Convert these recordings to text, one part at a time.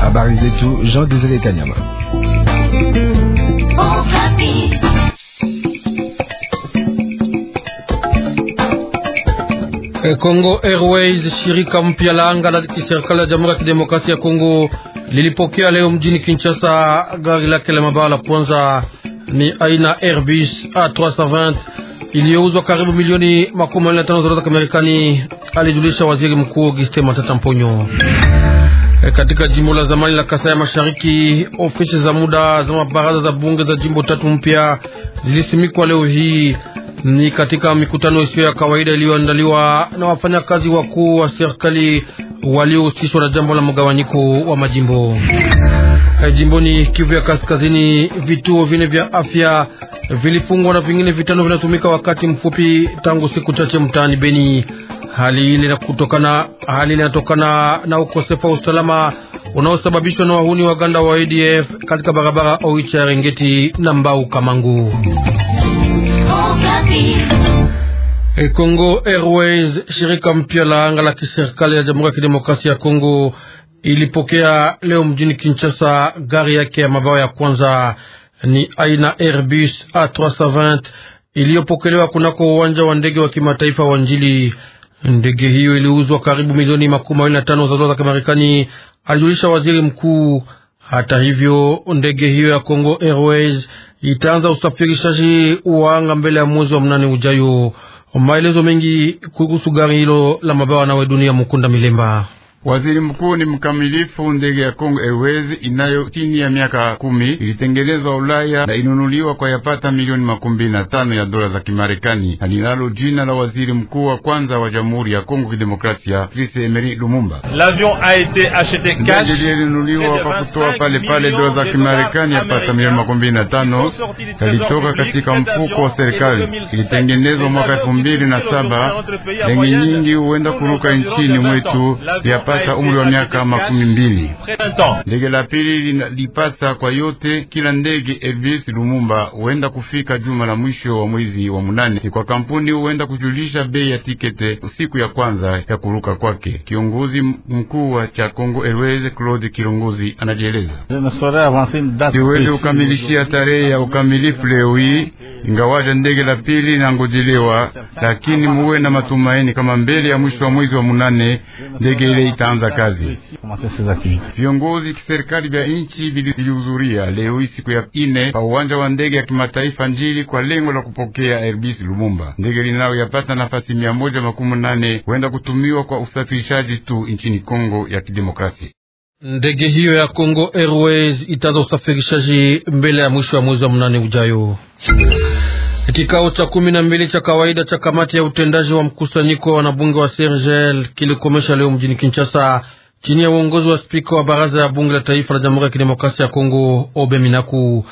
Habari zetu Jean Désiré Kanyama. Kongo e, Airways, shirika mpya la anga la kiserikali ya Jamhuri ya Kidemokrasia ya Kongo, lilipokea leo mjini Kinshasa gari lake la mabawa la kwanza, ni aina Airbus A320 iliyouzwa karibu milioni makumi manne na tano za dola za Kimarekani alijulisha waziri mkuu giste Matata Mponyo. E, katika jimbo la zamani la Kasai ya Mashariki, ofisi za muda za mabaraza za bunge za jimbo tatu mpya zilisimikwa leo hii. Ni katika mikutano isiyo ya kawaida iliyoandaliwa na wafanyakazi wakuu wa serikali waliohusishwa na jambo la mgawanyiko wa majimbo. E, jimboni Kivu ya Kaskazini, vituo vine vya afya vilifungwa na vingine vitano vinatumika wakati mfupi tangu siku chache mtaani Beni. Hali ile kutokana hali ile inatokana na ukosefu wa usalama unaosababishwa na wahuni waganda wa ADF katika barabara Oicha Rengeti na Mbau Kamangu. E Congo Airways, shirika mpya la anga la kiserikali ya Jamhuri ya Kidemokrasia ya Kongo, ilipokea leo mjini Kinshasa gari yake ya mabao ya kwanza ni aina Airbus A320 iliyopokelewa kunako uwanja wa ndege wa kimataifa wa Njili. Ndege hiyo iliuzwa karibu milioni makumi mawili na tano za dola za Kimarekani, alijulisha waziri mkuu. Hata hivyo, ndege hiyo ya Congo Airways itaanza usafirishaji wa anga mbele ya mwezi wa mnane ujayo. Maelezo mengi kuhusu gari hilo la mabawa nawe dunia Mukunda Milemba. Waziri mkuu ni mkamilifu. Ndege ya Kongo Airways inayo chini ya miaka kumi ilitengenezwa Ulaya na inunuliwa kwa yapata milioni makumi na tano ya dola za Kimarekani na linalo jina la waziri mkuu wa kwanza wa Jamhuri ya Kongo Kidemokrasia, Patrice Emery Lumumba. Ndege lilinunuliwa kwa kutoa pale pale dola za Kimarekani yapata milioni makumi na tano yalitoka katika mfuko wa serikali. Ilitengenezwa mwaka elfu mbili na saba. Ndege nyingi huenda kuruka nchini mwetu yapata kupata umri wa miaka makumi mbili. Ndege la pili lilipata kwa yote kila ndege Elvis Lumumba huenda kufika juma la mwisho wa mwezi wa munane. Kwa kampuni huenda kujulisha bei ya tikete siku ya kwanza ya kuruka kwake. Kiongozi mkuu wa cha Kongo Airways Claude Kilongozi anajieleza: siwezi kukamilishia tarehe ya ukamilifu leo hii, ingawaja ndege la pili linangojelewa, lakini muwe na matumaini kama mbele ya mwisho wa mwezi wa munane ndege ile itaanza kazi. Viongozi kiserikali vya nchi vilihudhuria leo hii siku ya ine pa uwanja wa ndege ya kimataifa Njili kwa lengo la kupokea Airbus Lumumba, ndege linalo yapata nafasi mia moja makumi nane huenda kutumiwa kwa usafirishaji tu nchini Kongo ya Kidemokrasia. Ndege hiyo ya congo Airways itaanza usafirishaji mbele ya mwisho wa mwezi wa mnane ujayo. Kikao cha kumi na mbili cha kawaida cha kamati ya utendaji wa mkusanyiko wa wanabunge wa Sergel kilikomesha leo mjini Kinshasa chini ya uongozi wa spika wa baraza ya bunge la taifa la Jamhuri ya Kidemokrasia ya Kongo Obe Minaku.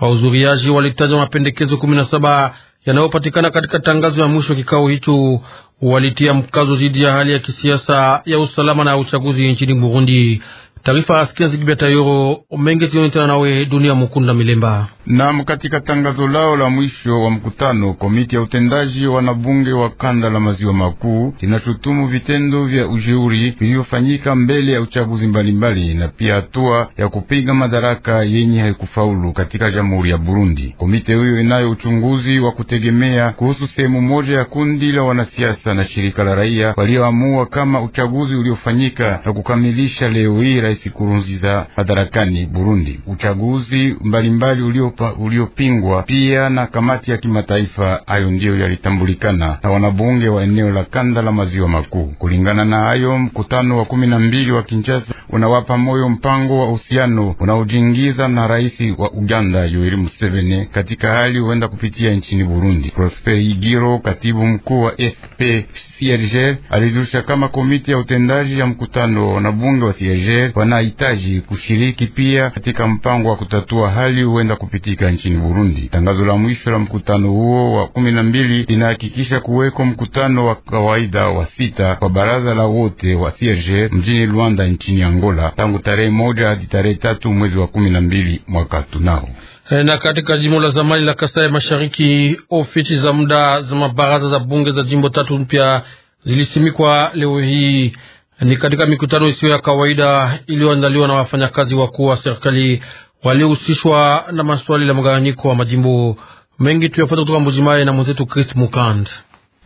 Wahudhuriaji walitaja mapendekezo kumi na saba yanayopatikana katika tangazo ya mwisho kikao hicho. Walitia mkazo dhidi ya hali ya kisiasa ya usalama na uchaguzi nchini Burundi. Taarifa Askia zikibia tayoro mengi zioni tena nawe dunia mukunda milemba. Naam, katika tangazo lao la mwisho wa mkutano, komiti ya utendaji wanabunge wa kanda la maziwa makuu linashutumu vitendo vya ujeuri vilivyofanyika mbele ya uchaguzi mbalimbali na pia hatua ya kupiga madaraka yenye haikufaulu katika jamhuri ya Burundi. Komiti hiyo inayo uchunguzi wa kutegemea kuhusu sehemu moja ya kundi la wanasiasa na shirika la raia walioamua kama uchaguzi uliofanyika na kukamilisha leo hii Rais Kurunziza madarakani Burundi, uchaguzi mbalimbali uliopingwa pia na kamati ya kimataifa. Hayo ndiyo yalitambulikana na wanabunge wa eneo la kanda la maziwa makuu. Kulingana na hayo, mkutano wa kumi na mbili wa Kinshasa unawapa moyo mpango wa uhusiano unaojiingiza na rais wa Uganda Yoweri Museveni katika hali huenda kupitia nchini Burundi. Prosper Igiro, katibu mkuu wa FPCRG, alijulisha kama komiti ya utendaji ya mkutano na bunge wa CRG wanahitaji kushiriki pia katika mpango wa kutatua hali huenda kupitika nchini Burundi. Tangazo la mwisho la mkutano huo wa kumi na mbili linahakikisha kuweko mkutano wa kawaida wa sita kwa baraza la wote wa CRG mjini Luanda nchini Angola tangu tarehe moja hadi tarehe tatu mwezi wa kumi na mbili mwaka tunao eh, na katika jimbo la zamani la Kasai Mashariki, ofisi za muda za mabaraza za bunge za jimbo tatu mpya zilisimikwa leo hii ni katika mikutano isiyo ya kawaida iliyoandaliwa na wafanyakazi wakuu wa serikali waliohusishwa na maswali la mgawanyiko wa majimbo mengi. Tuyafuata kutoka Mbujimayi na mwenzetu Chris Mukand.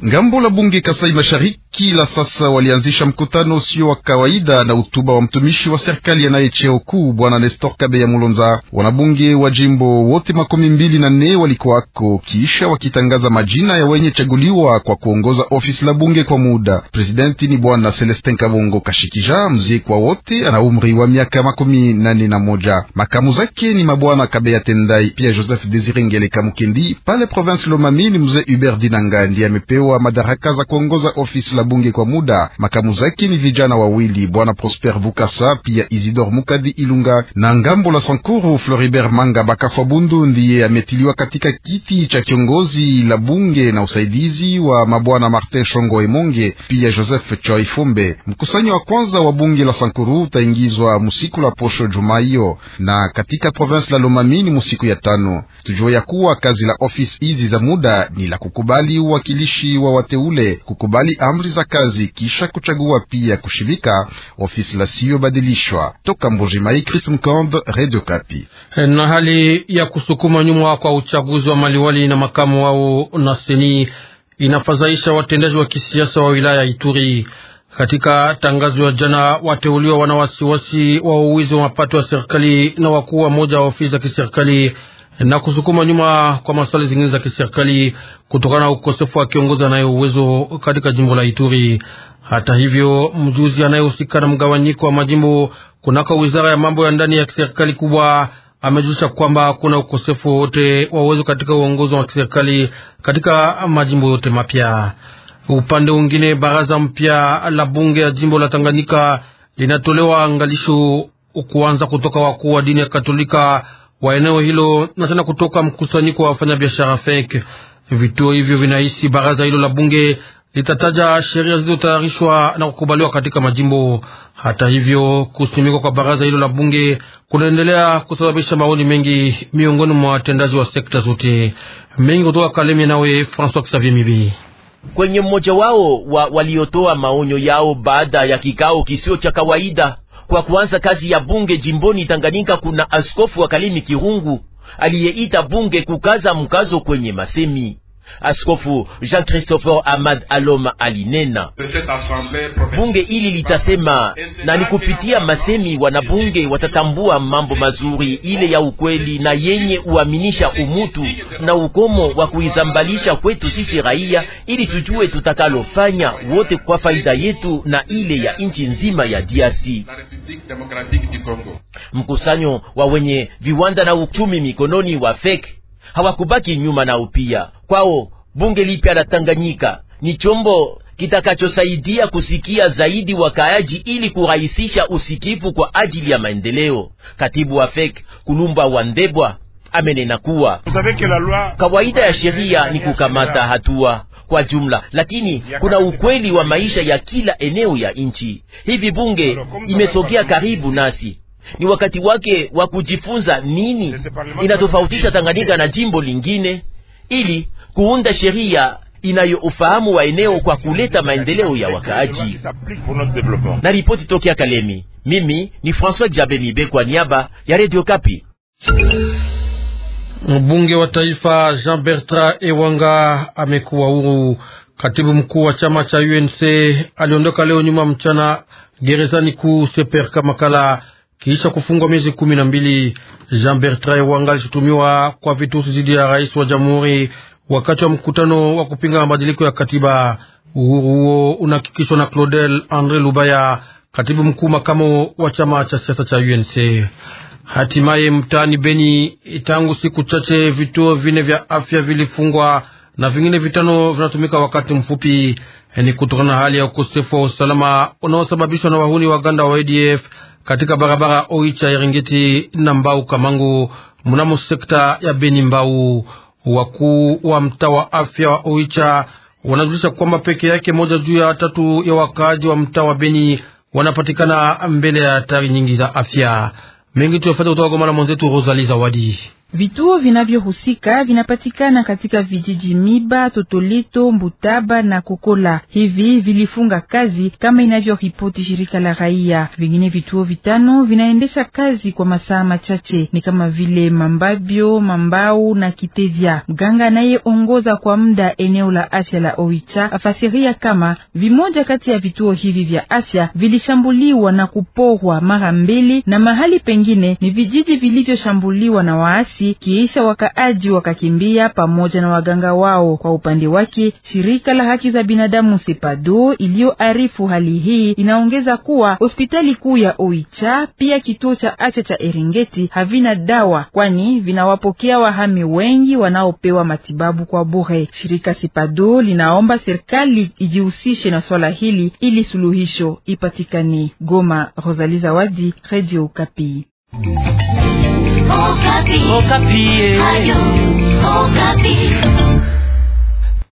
Ngambo la bunge Kasai Mashariki la sasa walianzisha mkutano usio wa kawaida na utuba wa mtumishi wa serikali anaye cheo kuu bwana Nestor Kabeya Mulonza. Wanabunge wa jimbo wote makumi mbili na nne walikuwako kisha wakitangaza majina ya wenye chaguliwa kwa kuongoza ofisi la bunge kwa muda. Presidenti ni bwana Celestin Kabongo Kashikija, mzee kwa wote, ana umri wa miaka makumi nane na moja. Makamu zake ni mabwana Kabeya Tendai pia Joseph Desire Ngeleka Mukendi. Pale province Lomami ni mzee Hubert Dinanga ndiye amepewa alipewa madaraka za kuongoza ofisi la bunge kwa muda. Makamu zake ni vijana wawili, bwana Prosper Bukasa pia Isidor Mukadi Ilunga, na ngambo la Sankuru Floribert Manga Bakafwa Bundu ndiye ametiliwa katika kiti cha kiongozi la bunge na usaidizi wa mabwana Martin Shongo Emonge pia Joseph choifumbe Mkusanyo wa kwanza wa bunge la Sankuru utaingizwa musiku la posho juma hiyo, na katika province la Lomami ni musiku ya tano. tujua ya kuwa kazi la ofisi hizi za muda ni la kukubali uwakilishi wa wateule kukubali amri za kazi kisha kuchagua pia kushirika ofisi badilishwa Toka Mbujimai, Chris Mkombe, Radio Kapi. Na hali ya kusukuma nyuma kwa uchaguzi wa maliwali na makamu wao na seni inafadhaisha watendaji wa kisiasa wa wilaya Ituri. Katika tangazo ya jana, wateuliwa wana wasiwasi wa uwizi wa mapato ya serikali na wakuu wa moja wa ofisi za kiserikali na kusukuma nyuma kwa masuala zingine za kiserikali kutokana na ukosefu wa kiongozi anaye uwezo katika jimbo la Ituri. Hata hivyo, mjuzi anayehusika na mgawanyiko wa majimbo kunako wizara ya mambo ya ndani ya kiserikali kubwa amejulisha kwamba kuna ukosefu wote wa uwezo katika uongozi wa kiserikali katika majimbo yote mapya. Upande mwingine, baraza mpya la bunge ya jimbo la Tanganyika linatolewa angalisho kuanza kutoka wakuu wa dini ya Katolika wa eneo hilo na tena kutoka mkusanyiko wa wafanyabiashara FENK. Vituo hivyo vinahisi baraza hilo la bunge litataja sheria zilizotayarishwa na kukubaliwa katika majimbo. Hata hivyo, kusimikwa kwa baraza hilo la bunge kunaendelea kusababisha maoni mengi miongoni mwa watendaji wa sekta zote. Mengi kutoka Kalemi, nawe François Xavier Mibi kwenye mmoja wao wa waliotoa maonyo yao baada ya kikao kisio cha kawaida kwa kuanza kazi ya bunge jimboni Tanganyika, kuna askofu wa Kalimi Kirungu aliyeita bunge kukaza mkazo kwenye masemi Askofu Jean Christopher Ahmad Aloma alinena bunge ili litasema, na ni kupitia masemi wanabunge watatambua mambo mazuri ile ya ukweli na yenye uaminisha umutu na ukomo wa kuizambalisha kwetu sisi raia, ili tujue tutakalofanya wote kwa faida yetu na ile ya nchi nzima ya DRC. Mkusanyo wa wenye viwanda na uchumi mikononi wa FEC hawakubaki nyuma nao pia. Kwao bunge lipya la Tanganyika ni chombo kitakachosaidia kusikia zaidi wakaaji ili kurahisisha usikivu kwa ajili ya maendeleo. Katibu wa FEK Kulumba Wandebwa amenena kuwa kawaida ya sheria ni kukamata hatua kwa jumla, lakini kuna ukweli wa maisha ya kila eneo ya nchi. Hivi bunge imesogea karibu nasi ni wakati wake wa kujifunza nini inatofautisha Tanganyika na jimbo lingine, ili kuunda sheria inayo wa eneo kwa kuleta maendeleo ya wakaaji. Na ripoti tokea Kalemi, mimi ni François Jabenibe kwa niaba ya Radio Kapi. Mbunge wa taifa Jean Bertrand Ewanga amekuwa huru. Katibu mkuu wa chama cha UNC aliondoka leo nyuma mchana gerezani kuu Seperka Makala kisha kufungwa miezi kumi na mbili, Jean Bertrand Wanga alishutumiwa kwa vitusi dhidi ya rais wa jamhuri wakati wa mkutano wa kupinga mabadiliko ya katiba. Uhuru huo unahakikishwa na Claudel Andre Lubaya, katibu mkuu makamo wa chama cha siasa cha UNC. Hatimaye mtaani Beni, tangu siku chache vituo vine vya afya vilifungwa na vingine vitano vinatumika wakati mfupi. Ni kutokana na hali ya ukosefu wa usalama unaosababishwa na wahuni wa ganda wa ADF katika barabara Oicha Iringeti na Mbau Kamangu, mnamo sekta ya Beni Mbau. Wakuu wa mtaa wa afya wa Oicha wanajulisha kwamba peke yake moja juu ya tatu ya wakaaji wa mtaa wa Beni wanapatikana mbele ya hatari nyingi za afya. Mengi tuyafata kutoka Goma na mwenzetu Rosali Zawadi. Vituo vinavyohusika vinapatikana katika vijiji Miba, totolito Mbutaba na Kokola. Hivi vilifunga kazi kama inavyoripoti shirika la raia. Vingine vituo vitano vinaendesha kazi kwa masaa machache, ni kama vile Mambabio, Mambau na Kitevya. Mganga anayeongoza kwa muda eneo la afya la Oicha afasiria kama vimoja kati ya vituo hivi vya afya vilishambuliwa na kuporwa mara mbili na mahali pengine ni vijiji vilivyoshambuliwa na waasi kibinafsi, kisha wakaaji wakakimbia pamoja na waganga wao. Kwa upande wake, shirika la haki za binadamu Sepado iliyoarifu hali hii inaongeza kuwa hospitali kuu ya Oicha pia kituo cha afya cha Eringeti havina dawa, kwani vinawapokea wahami wengi wanaopewa matibabu kwa bure. Shirika Sepado linaomba serikali ijihusishe na swala hili ili suluhisho ipatikane. Goma, Rosalie Zawadi, Radio Kapi. Okapi. Okapi. Eh.